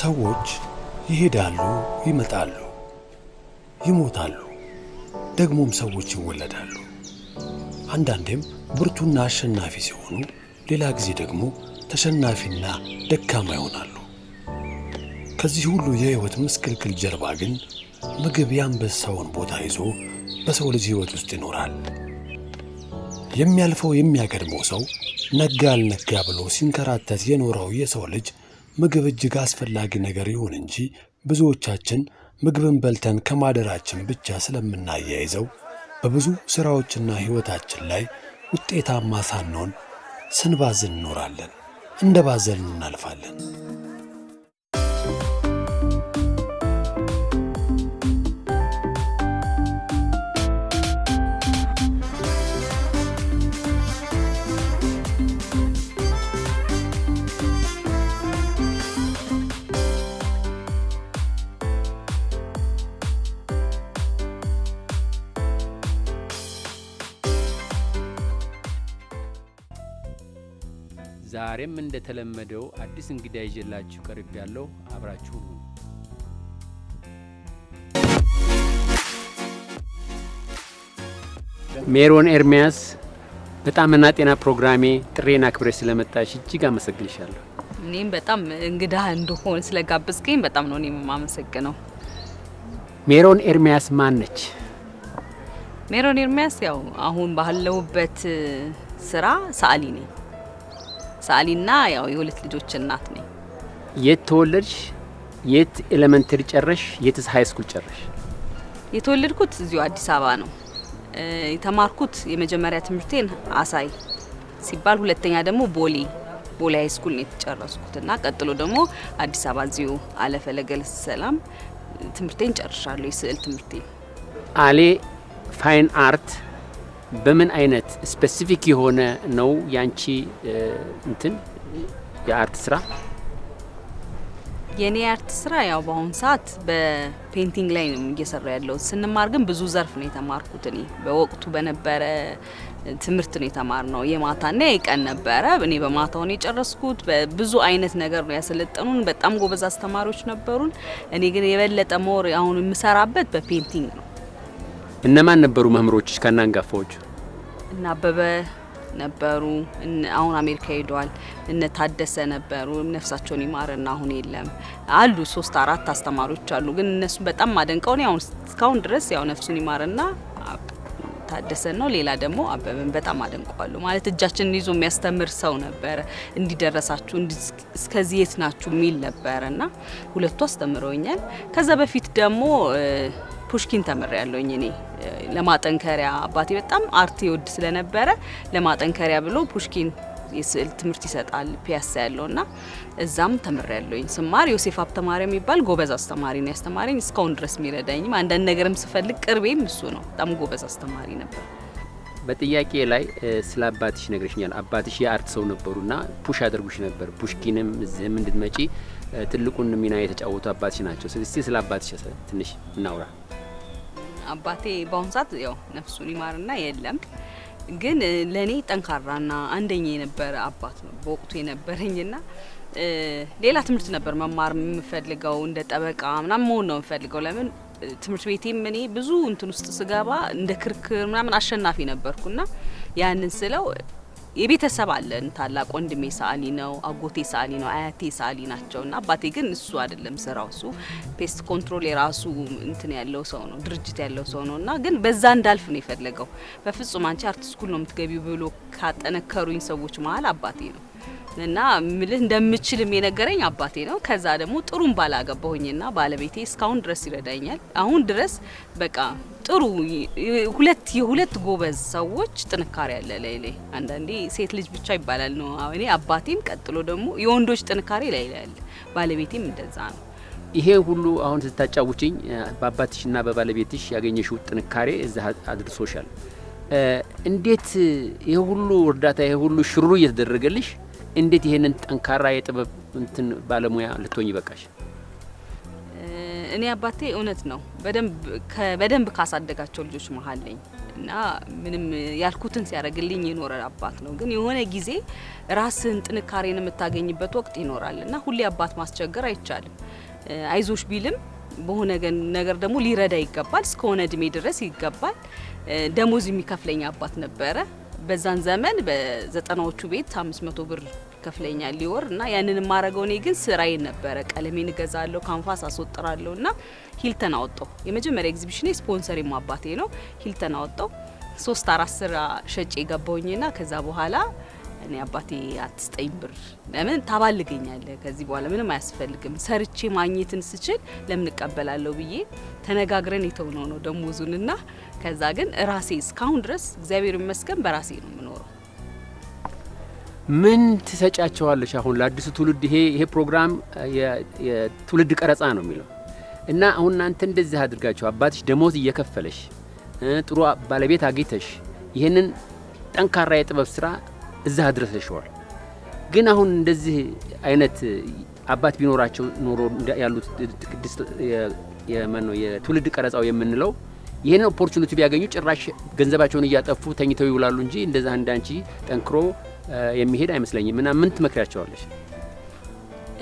ሰዎች ይሄዳሉ፣ ይመጣሉ፣ ይሞታሉ፣ ደግሞም ሰዎች ይወለዳሉ። አንዳንዴም ብርቱና አሸናፊ ሲሆኑ፣ ሌላ ጊዜ ደግሞ ተሸናፊና ደካማ ይሆናሉ። ከዚህ ሁሉ የሕይወት ምስቅልቅል ጀርባ ግን ምግብ የአንበሳውን ቦታ ይዞ በሰው ልጅ ሕይወት ውስጥ ይኖራል። የሚያልፈው የሚያገድመው ሰው ነጋ አልነጋ ብሎ ሲንከራተት የኖረው የሰው ልጅ ምግብ እጅግ አስፈላጊ ነገር ይሁን እንጂ ብዙዎቻችን ምግብን በልተን ከማደራችን ብቻ ስለምናያይዘው በብዙ ሥራዎችና ሕይወታችን ላይ ውጤታማ ሳንሆን ስንባዝን እንኖራለን፣ እንደ ባዘን እናልፋለን። ዛሬም እንደተለመደው አዲስ እንግዳ ይዤላችሁ ቀርብ ያለው አብራችሁ ሜሮን ኤርሚያስ በጣም እና ጤና ፕሮግራሜ ጥሬና ክብሬ ስለመጣሽ እጅግ አመሰግንሻለሁ። እኔም በጣም እንግዳ እንደሆን ስለጋበዝከኝ በጣም ነው እኔም የማመሰግነው። ሜሮን ኤርሚያስ ማን ነች? ሜሮን ኤርሚያስ ያው አሁን ባለሁበት ስራ ሰዓሊ ነኝ። ሰዓሊና ያው የሁለት ልጆች እናት ነኝ። የት ተወለድሽ? የት ኤሌመንተሪ ጨረሽ? የትስ ሀይ ስኩል ጨረሽ? የተወለድኩት እዚሁ አዲስ አበባ ነው። የተማርኩት የመጀመሪያ ትምህርቴን አሳይ ሲባል፣ ሁለተኛ ደግሞ ቦሌ ቦሌ ሀይ ስኩል ነው የተጨረስኩት እና ቀጥሎ ደግሞ አዲስ አበባ እዚሁ አለፈለገል ሰላም ትምህርቴን ጨርሻለሁ። የስዕል ትምህርቴ አሌ ፋይን አርት በምን አይነት ስፔሲፊክ የሆነ ነው ያንቺ እንትን የአርት ስራ? የኔ የአርት ስራ ያው በአሁኑ ሰዓት በፔንቲንግ ላይ ነው እየሰራ ያለው። ስንማር ግን ብዙ ዘርፍ ነው የተማርኩት። እኔ በወቅቱ በነበረ ትምህርት ነው የተማር ነው የማታና የቀን ነበረ። እኔ በማታውን የጨረስኩት ብዙ አይነት ነገር ነው ያሰለጠኑን። በጣም ጎበዝ አስተማሪዎች ነበሩን። እኔ ግን የበለጠ ሞር አሁን የምሰራበት በፔንቲንግ ነው። እነማን ነበሩ መምህሮች ከእነ እነ አበበ ነበሩ። አሁን አሜሪካ ሄደዋል። እነ ታደሰ ነበሩ። ነፍሳቸውን ይማርና አሁን የለም አሉ። ሶስት አራት አስተማሪዎች አሉ። ግን እነሱ በጣም ማደንቀው ነው። እስካሁን ድረስ ያው ነፍሱን ይማርና ታደሰ ነው። ሌላ ደግሞ አበበን በጣም አደንቀዋለሁ። ማለት እጃችንን ይዞ የሚያስተምር ሰው ነበረ። እንዲደረሳችሁ እስከዚህ የት ናችሁ የሚል ነበረ እና ሁለቱ አስተምረውኛል። ከዛ በፊት ደግሞ ፑሽኪን ተምሬያለሁኝ እኔ ለማጠንከሪያ አባቴ በጣም አርት ይወድ ስለነበረ ለማጠንከሪያ ብሎ ፑሽኪን የስዕል ትምህርት ይሰጣል ፒያሳ ያለውና እዛም ያለውኝ ስማር ዮሴፍ ሀብተማርያም የሚባል ጎበዝ አስተማሪ ነው ያስተማረኝ። እስካሁን ድረስ የሚረዳኝም አንዳንድ ነገርም ስፈልግ ቅርቤም እሱ ነው። በጣም ጎበዝ አስተማሪ ነበር። በጥያቄ ላይ ስለ አባትሽ ነግረሽኛል። አባትሽ የአርት ሰው ነበሩና ፑሽ አድርጉሽ ነበር። ፑሽኪንም እዚህም እንድትመጪ ትልቁን ሚና የተጫወቱ አባትሽ ናቸው። ስለዚህ ስለ አባትሽ ትንሽ እናውራ። አባቴ በአሁኑ ሰዓት ያው ነፍሱን ይማርና የለም፣ ግን ለእኔ ጠንካራና አንደኛ የነበረ አባት ነው በወቅቱ የነበረኝና ሌላ ትምህርት ነበር መማር የምፈልገው እንደ ጠበቃ ምናምን መሆን ነው የምፈልገው። ለምን ትምህርት ቤቴም እኔ ብዙ እንትን ውስጥ ስገባ እንደ ክርክር ምናምን አሸናፊ ነበርኩና ያንን ስለው የቤተሰብ አለን። ታላቅ ወንድሜ ሰዓሊ ነው፣ አጎቴ ሰዓሊ ነው፣ አያቴ ሰዓሊ ናቸው እና አባቴ ግን እሱ አይደለም ስራው። እሱ ፔስት ኮንትሮል የራሱ እንትን ያለው ሰው ነው፣ ድርጅት ያለው ሰው ነው እና ግን በዛ እንዳልፍ ነው የፈለገው። በፍጹም አንቺ አርት ስኩል ነው የምትገቢው ብሎ ካጠነከሩኝ ሰዎች መሀል አባቴ ነው። እና ምልህ እንደምችልም የነገረኝ አባቴ ነው። ከዛ ደግሞ ጥሩም ባላገባሁኝና ባለቤቴ እስካሁን ድረስ ይረዳኛል። አሁን ድረስ በቃ ጥሩ ሁለት የሁለት ጎበዝ ሰዎች ጥንካሬ አለ ላይ አንዳንዴ ሴት ልጅ ብቻ ይባላል ነው እኔ አባቴም፣ ቀጥሎ ደግሞ የወንዶች ጥንካሬ ላይ ላይ አለ። ባለቤቴም እንደዛ ነው። ይሄ ሁሉ አሁን ስታጫውችኝ በአባትሽና በባለቤትሽ ያገኘሽው ጥንካሬ እዛ አድርሶሻል። እንዴት ይሄ ሁሉ እርዳታ ይሄ ሁሉ ሽሩ እየተደረገልሽ እንዴት ይሄንን ጠንካራ የጥበብ እንትን ባለሙያ ልትሆኝ ይበቃሽ? እኔ አባቴ እውነት ነው በደንብ ካሳደጋቸው ልጆች መሀል ነኝ እና ምንም ያልኩትን ሲያደርግልኝ የኖረ አባት ነው። ግን የሆነ ጊዜ ራስን ጥንካሬን የምታገኝበት ወቅት ይኖራል እና ሁሌ አባት ማስቸገር አይቻልም። አይዞሽ ቢልም በሆነ ነገር ደግሞ ሊረዳ ይገባል። እስከሆነ እድሜ ድረስ ይገባል። ደሞዝ የሚከፍለኝ አባት ነበረ። በዛን ዘመን በዘጠናዎቹ ቤት መቶ ብር ከፍለኛ ሊወር እና ያንን የማረገው እኔ ግን ስራዬ ነበረ። ቀለሜን እገዛለሁ፣ ካንፋስ አስወጥራለሁ እና ሂልተን አወጣው። የመጀመሪያ ኤግዚቢሽን ስፖንሰር የማባቴ ነው። ሂልተን አወጣው። ሶስት አራት ስራ ሸጬ ገባውኝና ከዛ በኋላ እኔ አባቴ አትስጠኝ ብር ለምን ታባልገኛለህ? ከዚህ በኋላ ምንም አያስፈልግም፣ ሰርቼ ማግኘትን ስችል ለምን እቀበላለሁ ብዬ ተነጋግረን የተውነው ነው ደሞዙንና ከዛ ግን ራሴ እስካሁን ድረስ እግዚአብሔር ይመስገን በራሴ ነው የምኖረው። ምን ትሰጫቸዋለሽ አሁን ለአዲሱ ትውልድ? ይሄ ይሄ ፕሮግራም የትውልድ ቀረጻ ነው የሚለው እና አሁን እናንተ እንደዚህ አድርጋቸው አባትሽ ደሞዝ እየከፈለሽ ጥሩ ባለቤት አግኝተሽ ይህንን ጠንካራ የጥበብ ስራ እዛ አድረሰሽዋል። ግን አሁን እንደዚህ አይነት አባት ቢኖራቸው ኖሮ ያሉት የትውልድ ቀረጻው የምንለው ይህንን ኦፖርቹኒቲ ቢያገኙ ጭራሽ ገንዘባቸውን እያጠፉ ተኝተው ይውላሉ እንጂ እንደዛ እንዳንቺ ጠንክሮ የሚሄድ አይመስለኝም። እና ምን ትመክሪያቸዋለች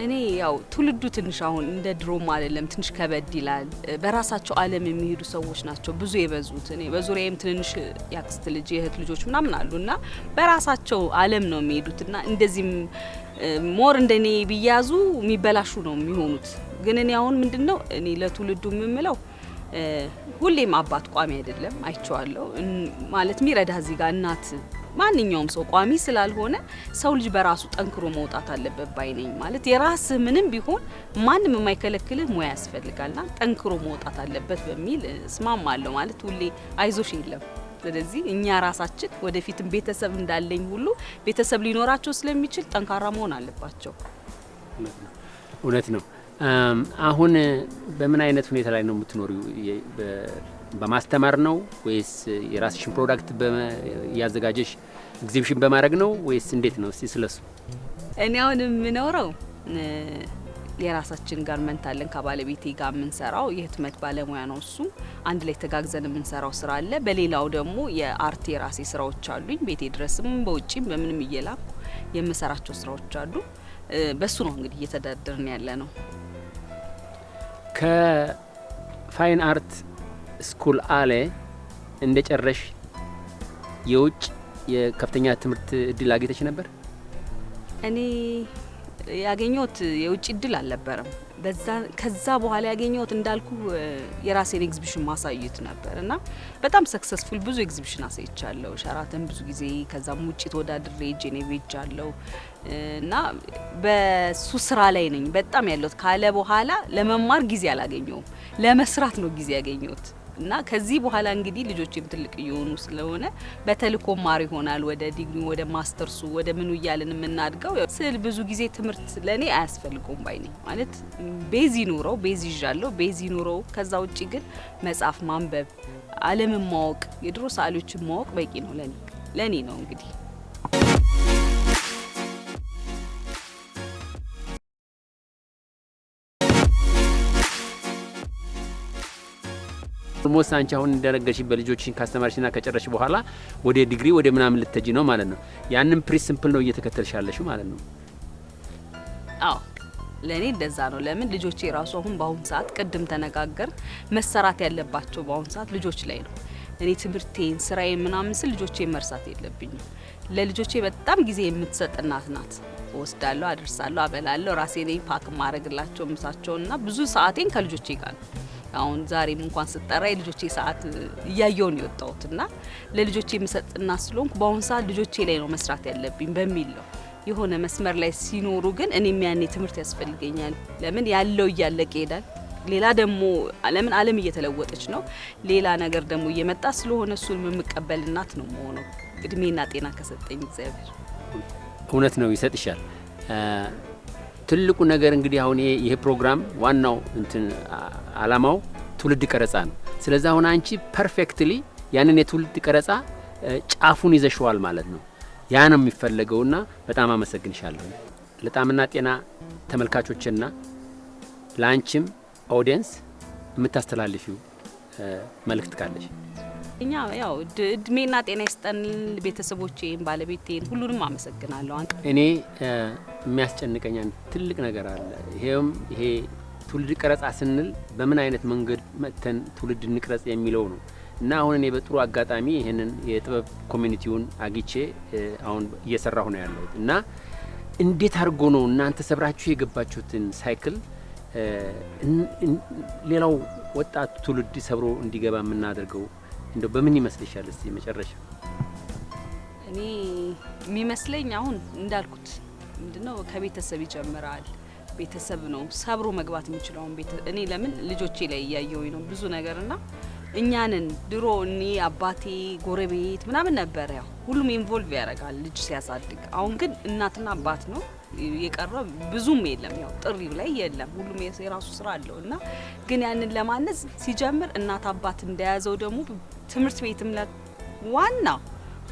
እኔ ያው ትውልዱ ትንሽ አሁን እንደ ድሮም አይደለም፣ ትንሽ ከበድ ይላል። በራሳቸው ዓለም የሚሄዱ ሰዎች ናቸው ብዙ የበዙት። እኔ በዙሪያም ትንንሽ የአክስት ልጅ የእህት ልጆች ምናምን አሉ እና በራሳቸው ዓለም ነው የሚሄዱት እና እንደዚህም ሞር እንደ እኔ ቢያዙ የሚበላሹ ነው የሚሆኑት። ግን እኔ አሁን ምንድን ነው እኔ ለትውልዱ የምምለው ሁሌም አባት ቋሚ አይደለም፣ አይቼዋለሁ። ማለት የሚረዳ እዚህ ጋር እናት ማንኛውም ሰው ቋሚ ስላልሆነ ሰው ልጅ በራሱ ጠንክሮ መውጣት አለበት ባይ ነኝ። ማለት የራስ ምንም ቢሆን ማንም የማይከለክልህ ሙያ ያስፈልጋልና ጠንክሮ መውጣት አለበት በሚል እስማማለሁ። ማለት ሁሌ አይዞሽ የለም። ስለዚህ እኛ ራሳችን ወደፊትም ቤተሰብ እንዳለኝ ሁሉ ቤተሰብ ሊኖራቸው ስለሚችል ጠንካራ መሆን አለባቸው። እውነት ነው። አሁን በምን አይነት ሁኔታ ላይ ነው የምትኖሪው? በማስተማር ነው ወይስ የራስሽን ፕሮዳክት እያዘጋጀሽ ኤግዚቢሽን በማድረግ ነው ወይስ እንዴት ነው? እስቲ ስለሱ። እኔ አሁን የምኖረው የራሳችን ጋርመንት አለን ከባለቤቴ ጋር የምንሰራው የህትመት ባለሙያ ነው እሱ። አንድ ላይ ተጋግዘን የምንሰራው ስራ አለ። በሌላው ደግሞ የአርት የራሴ ስራዎች አሉኝ። ቤቴ ድረስም በውጭም በምንም እየላኩ የምሰራቸው ስራዎች አሉ። በሱ ነው እንግዲህ እየተዳደርን ያለ ነው። ከፋይን አርት ስኩል አሌ እንደ ጨረሽ የውጭ የከፍተኛ ትምህርት እድል አግኝተሽ ነበር? እኔ ያገኘሁት የውጭ እድል አልነበረም። ከዛ በኋላ ያገኘሁት እንዳልኩ የራሴን ኤግዚቢሽን ማሳየት ነበር እና በጣም ሰክሰስፉል ብዙ ኤግዚቢሽን አሳይቻለሁ። ሸራተን ብዙ ጊዜ ከዛም ውጭ ተወዳድሬ ጄኔቭ ሄጃለሁ። እና በሱ ስራ ላይ ነኝ በጣም ያለሁት ካለ በኋላ ለመማር ጊዜ አላገኘውም፣ ለመስራት ነው ጊዜ ያገኘሁት። እና ከዚህ በኋላ እንግዲህ ልጆችም ትልቅ እየሆኑ ስለሆነ በተልእኮ ማር ይሆናል ወደ ዲግሪ ወደ ማስተርሱ ወደ ምኑ እያልን የምናድገው። ስል ብዙ ጊዜ ትምህርት ለእኔ አያስፈልገውም ባይ ነኝ። ማለት ቤዚ ይኑረው፣ ቤዚ ይዣለሁ፣ ቤዚ ይኑረው። ከዛ ውጭ ግን መጻፍ፣ ማንበብ፣ ዓለምን ማወቅ፣ የድሮ ሰዓሊዎችን ማወቅ በቂ ነው ለእኔ ለእኔ ነው እንግዲህ ኦልሞስት አንቺ አሁን እንደነገርሽ በልጆችን ካስተማርሽና ከጨረሽ በኋላ ወደ ዲግሪ ወደ ምናምን ልትጂ ነው ማለት ነው። ያንን ፕሪንስምፕል ነው እየተከተልሽ ያለሽ ማለት ነው። አዎ ለእኔ እንደዛ ነው። ለምን ልጆቼ የራሱ አሁን በአሁኑ ሰዓት ቅድም ተነጋገር መሰራት ያለባቸው በአሁኑ ሰዓት ልጆች ላይ ነው። እኔ ትምህርቴን፣ ስራዬን ምናምን ስል ልጆቼ መርሳት የለብኝም። ለልጆቼ በጣም ጊዜ የምትሰጥ እናት ናት። ወስዳለሁ፣ አድርሳለሁ አበላለሁ፣ ራሴ ነኝ ፓክ ማድረግላቸው ምሳቸውና ብዙ ሰዓቴን ከልጆቼ ጋር ነው። አሁን ዛሬም እንኳን ስጠራ የልጆቼ ሰዓት እያየው ነው የወጣሁት እና ለልጆቼ የምሰጥ እና ስለሆንኩ በአሁኑ ሰዓት ልጆቼ ላይ ነው መስራት ያለብኝ በሚል ነው። የሆነ መስመር ላይ ሲኖሩ ግን እኔም ያኔ ትምህርት ያስፈልገኛል። ለምን ያለው እያለቀ ይሄዳል። ሌላ ደግሞ ለምን ዓለም እየተለወጠች ነው። ሌላ ነገር ደግሞ እየመጣ ስለሆነ እሱን የምቀበል እናት ነው መሆነው እድሜና ጤና ከሰጠኝ እግዚአብሔር። እውነት ነው ይሰጥሻል። ትልቁ ነገር እንግዲህ አሁን ይሄ ፕሮግራም ዋናው እንትን አላማው ትውልድ ቀረጻ ነው። ስለዚህ አሁን አንቺ ፐርፌክትሊ ያንን የትውልድ ቀረጻ ጫፉን ይዘሽዋል ማለት ነው። ያ ነው የሚፈለገውና በጣም አመሰግንሻለሁ። ለጣምና ጤና ተመልካቾችና ለአንቺም ኦዲየንስ የምታስተላልፊው መልእክት ካለሽ እኛ ያው እድሜና ጤና ይስጠን ቤተሰቦቼን፣ ባለቤቴን ሁሉንም አመሰግናለሁ። እኔ የሚያስጨንቀኝ ትልቅ ነገር አለ። ይሄም ይሄ ትውልድ ቀረጻ ስንል በምን አይነት መንገድ መጥተን ትውልድ እንቅረጽ የሚለው ነው እና አሁን እኔ በጥሩ አጋጣሚ ይህንን የጥበብ ኮሚኒቲውን አግቼ አሁን እየሰራሁ ነው ያለሁት እና እንዴት አድርጎ ነው እናንተ ሰብራችሁ የገባችሁትን ሳይክል ሌላው ወጣት ትውልድ ሰብሮ እንዲገባ የምናደርገው እንደው በምን ይመስልሻል? እስቲ መጨረሻ እኔ የሚመስለኝ አሁን እንዳልኩት ምንድነው ከቤተሰብ ይጀምራል። ቤተሰብ ነው ሰብሮ መግባት የሚችለው እኔ ለምን ልጆቼ ላይ እያየሁኝ ነው ብዙ ነገርና እኛንን ድሮ እኔ አባቴ ጎረቤት ምናምን ነበር። ያው ሁሉም ኢንቮልቭ ያደርጋል ልጅ ሲያሳድግ። አሁን ግን እናትና አባት ነው የቀረ ብዙም የለም። ያው ጥሪው ላይ የለም ሁሉም የራሱ ስራ አለው እና ግን ያንን ለማነጽ ሲጀምር እናት አባት እንደያዘው ደግሞ ትምህርት ቤትም ዋና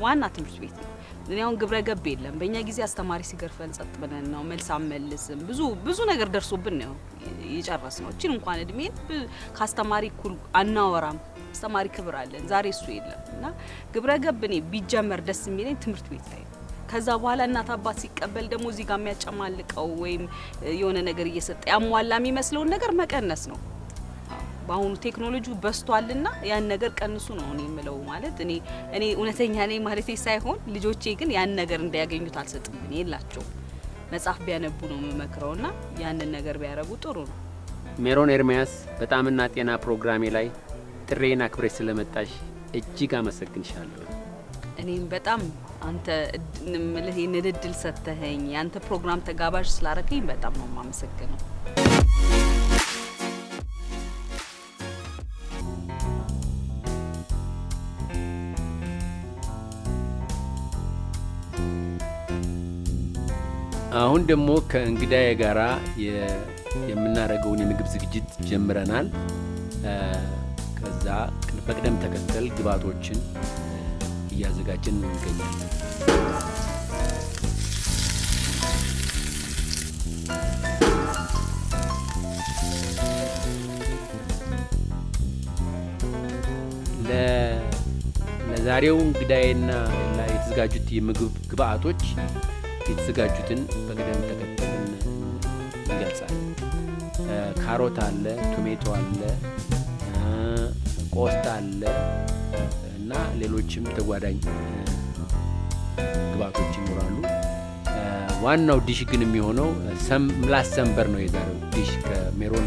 ዋና ትምህርት ቤት ነው። እኔ አሁን ግብረ ገብ የለም። በእኛ ጊዜ አስተማሪ ሲገርፈን ጸጥ ብለን ነው፣ መልስ አንመልስም። ብዙ ብዙ ነገር ደርሶብን ነው የጨረስ ነው። እችን እንኳን እድሜን ከአስተማሪ እኩል አናወራም። አስተማሪ ክብር አለን። ዛሬ እሱ የለም እና ግብረ ገብ እኔ ቢጀመር ደስ የሚለኝ ትምህርት ቤት ላይ ከዛ በኋላ እናት አባት ሲቀበል ደግሞ እዚህ ጋር የሚያጨማልቀው ወይም የሆነ ነገር እየሰጠ ያሟላ የሚመስለውን ነገር መቀነስ ነው። በአሁኑ ቴክኖሎጂ በስቷልና ያን ነገር ቀንሱ ነው እኔ የምለው። ማለት እኔ እኔ እውነተኛ ነኝ ማለት ሳይሆን ልጆቼ ግን ያን ነገር እንዳያገኙት አልሰጥም። እኔ የላቸው መጽሐፍ ቢያነቡ ነው የምመክረውና ያንን ነገር ቢያረጉ ጥሩ ነው። ሜሮን ኤርሚያስ በጣምና ጤና ፕሮግራሜ ላይ ጥሬን አክብሬ ስለመጣሽ እጅግ አመሰግንሻለሁ። እኔም በጣም አንተ ምልህ እድል ሰጥተኸኝ የአንተ ፕሮግራም ተጋባዥ ስላረገኝ በጣም ነው የማመሰግነው። አሁን ደግሞ ከእንግዳዬ ጋራ የምናደርገውን የምግብ ዝግጅት ጀምረናል። ከዛ በቅደም ተከተል ግብዓቶችን እያዘጋጀን እንገኛለን። ለዛሬው እንግዳዬና የተዘጋጁት የምግብ ግብዓቶች የተዘጋጁትን በቅደም ተከተል እንገልጻለን። ካሮት አለ፣ ቶሜቶ አለ፣ ቆስጣ አለ እና ሌሎችም ተጓዳኝ ግብአቶች ይኖራሉ። ዋናው ዲሽ ግን የሚሆነው ምላስ ሰንበር ነው። የዛሬው ዲሽ ከሜሮን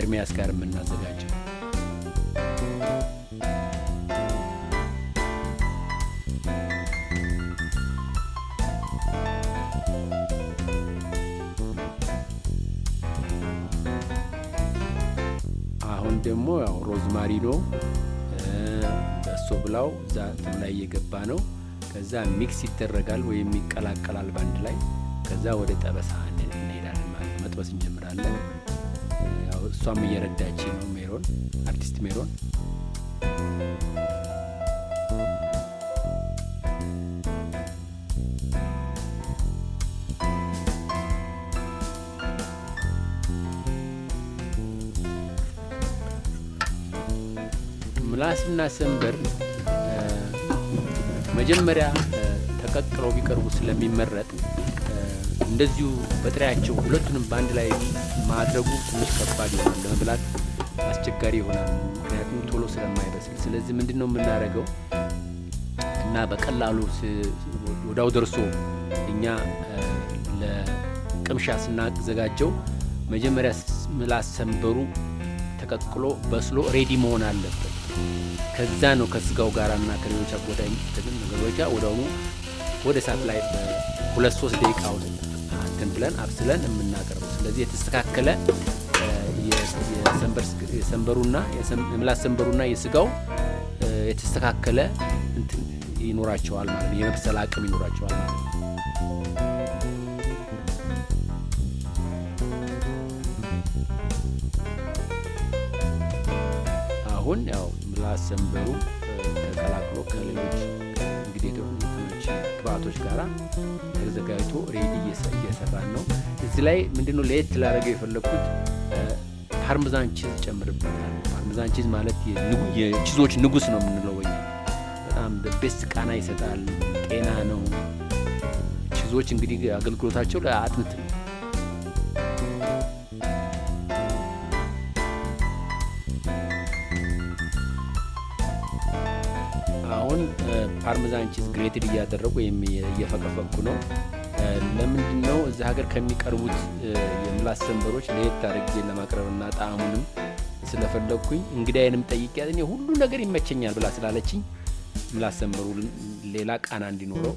ኤርሚያስ ጋር የምናዘጋጀው አሁን ደግሞ ያው ሮዝማሪ ነው በሶ ብላው እዛ ላይ እየገባ ነው። ከዛ ሚክስ ይደረጋል ወይም ይቀላቀላል በአንድ ላይ። ከዛ ወደ ጠበሳ እንሄዳለን ማለት ነው። መጥበስ እንጀምራለን። እሷም እየረዳች ነው ሜሮን፣ አርቲስት ሜሮን ዳስና ሰንበር መጀመሪያ ተቀቅለው ቢቀርቡ ስለሚመረጥ እንደዚሁ በጥሪያቸው ሁለቱንም በአንድ ላይ ማድረጉ ትንሽ ከባድ ይሆናል፣ ለመብላት አስቸጋሪ ይሆናል፣ ምክንያቱም ቶሎ ስለማይበስል። ስለዚህ ምንድን ነው የምናደርገው እና በቀላሉ ወዳው ደርሶ እኛ ለቅምሻ ስናዘጋጀው መጀመሪያ ምላስ ሰንበሩ ተቀቅሎ በስሎ ሬዲ መሆን አለበት። ከዛ ነው ከስጋው ጋር እና ከሌሎች አጎዳ የሚጥልን ነገሮች ወደ አሁኑ ወደ እሳት ላይ ሁለት ሶስት ደቂቃ እንትን ብለን አብስለን የምናቀርበው። ስለዚህ የተስተካከለ የሰንበሩና የምላስ ሰንበሩና የስጋው የተስተካከለ እንትን ይኖራቸዋል ማለት ነው። የመብሰል አቅም ይኖራቸዋል ማለት ነው። አሁን ያው ላሰንበሩ ተቀላቅሎ ከሌሎች እንግዲህ የተሆኑትኖች ግብአቶች ጋር ተዘጋጅቶ ሬዲ እየሰራን ነው። እዚህ ላይ ምንድነው ለየት ላደረገው የፈለግኩት ፓርሜዛን ቺዝ ጨምርበታል። ፓርሜዛን ቺዝ ማለት የቺዞች ንጉስ ነው የምንለው ወይ በጣም ቤስት ቃና ይሰጣል። ጤና ነው። ቺዞች እንግዲህ አገልግሎታቸው ለአጥንት ነው። ፓርሜዛን ቺዝ ግሬትድ እያደረጉ እየፈቀፈኩ ነው። ለምንድን ነው እዚህ ሀገር ከሚቀርቡት የምላስ ሰንበሮች ለየት አድርጌ ለማቅረብና ጣዕሙንም ስለፈለግኩኝ እንግዳዬንም ጠይቄያት እኔ ሁሉ ነገር ይመቸኛል ብላ ስላለችኝ ምላስ ሰንበሩ ሌላ ቃና እንዲኖረው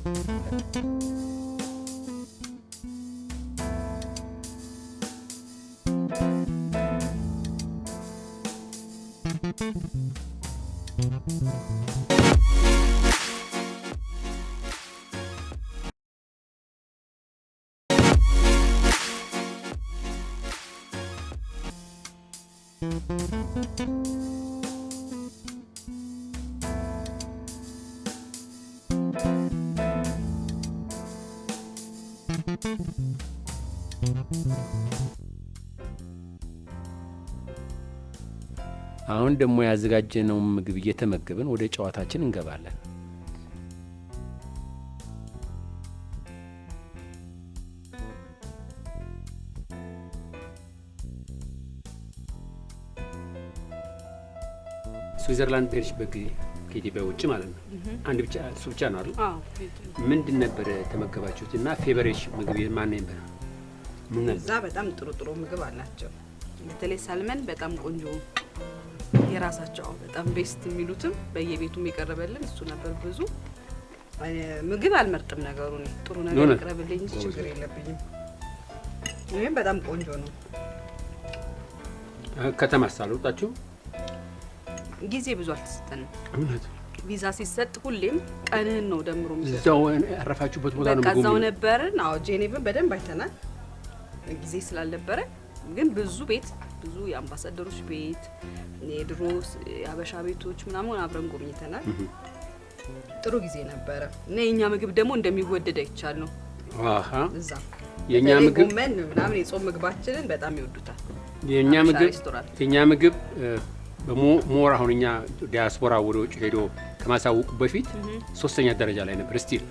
አሁን ደግሞ ያዘጋጀነው ምግብ እየተመገብን ወደ ጨዋታችን እንገባለን። ስዊዘርላንድ በሄድሽበት በግ ከኢትዮጵያ ውጭ ማለት ነው አንድ ብቻ እሱ ብቻ ነው አይደል? ምንድን ነበረ ተመገባችሁት? እና ፌቨሬሽ ምግብ ማን ነበር? እዛ በጣም ጥሩ ጥሩ ምግብ አላቸው። በተለይ ሳልመን በጣም ቆንጆ የራሳቸው በጣም ቤስት የሚሉትም በየቤቱም የቀረበልን እሱ ነበር። ብዙ ምግብ አልመርጥም። ነገሩ ጥሩ ነገር የቀረበልኝ ችግር የለብኝም። ይህም በጣም ቆንጆ ነው። ከተማ ሳልወጣችሁ ጊዜ ብዙ አልተሰጠንም። ቪዛ ሲሰጥ ሁሌም ቀንህን ነው ደምሮ እዛው ያረፋችሁበት ቦታ ነው። እዛው ነበርን። አዎ ጄኔቭን በደንብ አይተናል ጊዜ ስላልነበረ ግን ብዙ ቤት ብዙ የአምባሳደሮች ቤት፣ የድሮ የአበሻ ቤቶች ምናምን አብረን ጎብኝተናል። ጥሩ ጊዜ ነበረ እና የእኛ ምግብ ደግሞ እንደሚወደድ አይቻል ነው። እዛ የእኛ ምግብ ጎመን ምናምን የጾም ምግባችንን በጣም ይወዱታል። የእኛ ምግብ የእኛ ምግብ በሞር አሁን እኛ ዲያስፖራ ወደ ውጭ ሄዶ ከማሳወቁ በፊት ሶስተኛ ደረጃ ላይ ነበር ስቲል።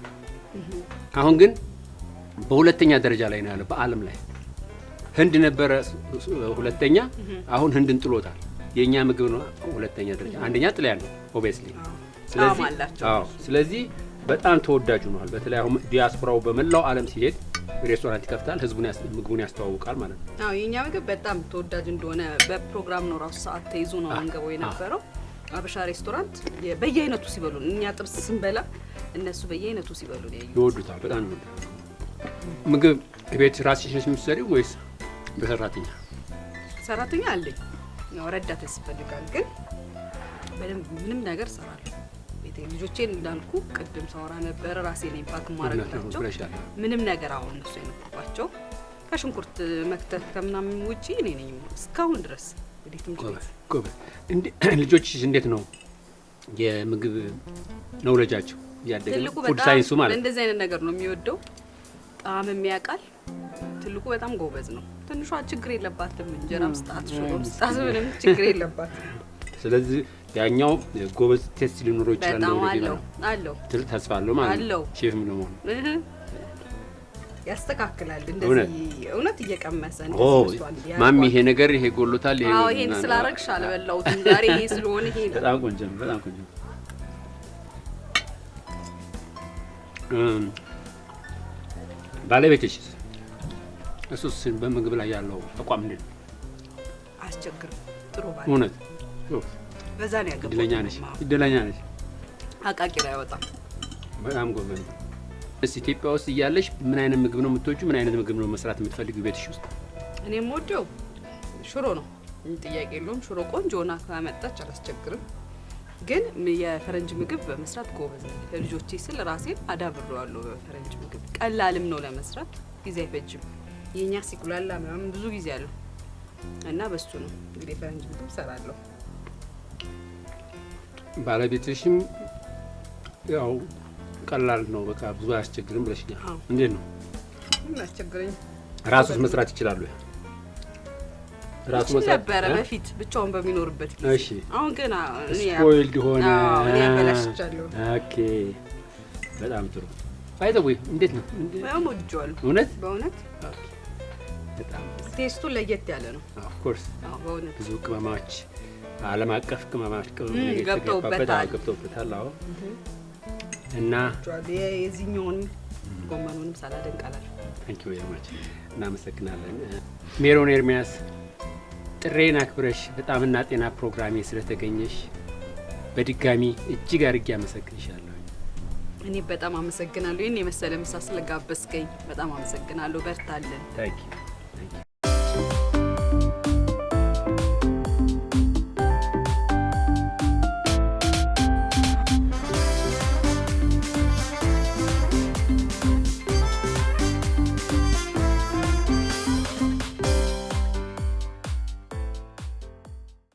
አሁን ግን በሁለተኛ ደረጃ ላይ ነው ያለው በዓለም ላይ ህንድ ነበረ ሁለተኛ። አሁን ህንድን ጥሎታል። የእኛ ምግብ ነው ሁለተኛ ደረጃ። አንደኛ ጥላ ያለው ኦቤስሊ። ስለዚህ አዎ፣ ስለዚህ በጣም ተወዳጅ ሆኗል። በተለይ አሁን ዲያስፖራው በመላው ዓለም ሲሄድ ሬስቶራንት ይከፍታል፣ ህዝቡን ምግቡን ያስተዋውቃል ማለት ነው። አዎ የእኛ ምግብ በጣም ተወዳጅ እንደሆነ በፕሮግራም ነው ራሱ ሰዓት ተይዞ ነው አንገበው የነበረው። አበሻ ሬስቶራንት በየአይነቱ ሲበሉ እኛ ጥብስ ስንበላ እነሱ በየአይነቱ ሲበሉ ይወዱታል፣ በጣም ይወዱታል። ምግብ ቤት ራስሽ ነው የምትሰሪው ወይስ በሰራተኛ ሰራተኛ አለኝ ነው ረዳት ያስፈልጋል። ግን በደንብ ምንም ነገር እሰራለሁ። ቤቴ ልጆቼን እንዳልኩ ቅድም ሳወራ ነበረ ራሴ ነኝ ፓክ ማረግላቸው ምንም ነገር አሁን እነሱ አይነኩባቸው። ከሽንኩርት መክተት ከምናምን ውጪ እኔ ነኝ እስካሁን ድረስ እንግዲህ ትምህርት ቤት ልጆችሽ እንዴት ነው የምግብ መውለጃቸው? ያደገ ፉድ ሳይንሱ ማለት እንደዚህ አይነት ነገር ነው የሚወደው ጣም የሚያውቃል ትልቁ በጣም ጎበዝ ነው። ትንሿ ችግር የለባትም። እንጀራም ስጣት፣ ሽሮም ስጣት፣ ምንም ችግር የለባትም። ስለዚህ ያኛው ጎበዝ ቴስት ሊኖረው ይችላል። ነው አለው አለው ትል ተስፋ አለው ማለት ነው። ሼፍም ለመሆኑ ያስተካክላል። እንደዚህ እውነት እየቀመሰ ነው። ማሚ ይሄ ነገር ይሄ ጎሎታል። ይሄ ይሄን ስላረግሽ አልበላሁትም ዛሬ። ይሄ ስለሆነ ይሄ በጣም ቆንጆ ነው። በጣም ቆንጆ ነው። ባለቤትሽስ እሱስ በምግብ ላይ ያለው አቋም እንዴት ነው? አስቸግርም። ጥሩ ባለ እውነት በዛ ነው ያገባው። እድለኛ ነሽ፣ እድለኛ ነሽ። አቃቂር አይወጣም። በጣም ጎበዝ። እስ ኢትዮጵያ ውስጥ እያለሽ ምን አይነት ምግብ ነው የምትወጁ? ምን አይነት ምግብ ነው መስራት የምትፈልጊው ቤትሽ ውስጥ? እኔ የምወደው ሽሮ ነው፣ ጥያቄ የለውም። ሽሮ ቆንጆ ሆና ካመጣች አላስቸግርም። ግን የፈረንጅ ምግብ በመስራት ጎበዝ ነኝ። ለልጆቼ ስል ራሴን አዳብሬዋለሁ። በፈረንጅ ምግብ ቀላልም ነው ለመስራት፣ ጊዜ አይፈጅም። የኛ ሲኩላላ ምናምን ብዙ ጊዜ አለው እና በሱ ነው እንግዲህ ፈረንጅ ምግብ ሰራለሁ። ባለቤትሽም ያው ቀላል ነው፣ በቃ ብዙ አያስቸግርም ብለሽኛል። እንዴት ነው አያስቸግረኝ? ራሱስ መስራት ይችላሉ? ራሱ ነበረ በፊት ብቻውን በሚኖርበት ጊዜ። እሺ አሁን ግን ስፖይልድ ሆነ ኦኬ በጣም ጥሩ። አይተዌ እንዴት ነው? እውነት በእውነት በጣም ቴስቱ ለየት ያለ ነው። ኦፍኮርስ በእውነት ብዙ ዓለም አቀፍ ገብተውበታል። አዎ እና ጎመኑንም ታንኪ እናመሰግናለን። ሜሮን ኤርሚያስ ጥሬን አክብረሽ በጣምና ጤና ፕሮግራሜ ስለተገኘሽ በድጋሚ እጅግ አድርጌ አመሰግንሻለሁ። እኔ በጣም አመሰግናለሁ። ይህን የመሰለ ምሳ ስለጋበዝከኝ በጣም አመሰግናለሁ። በርታለን። ታንኪ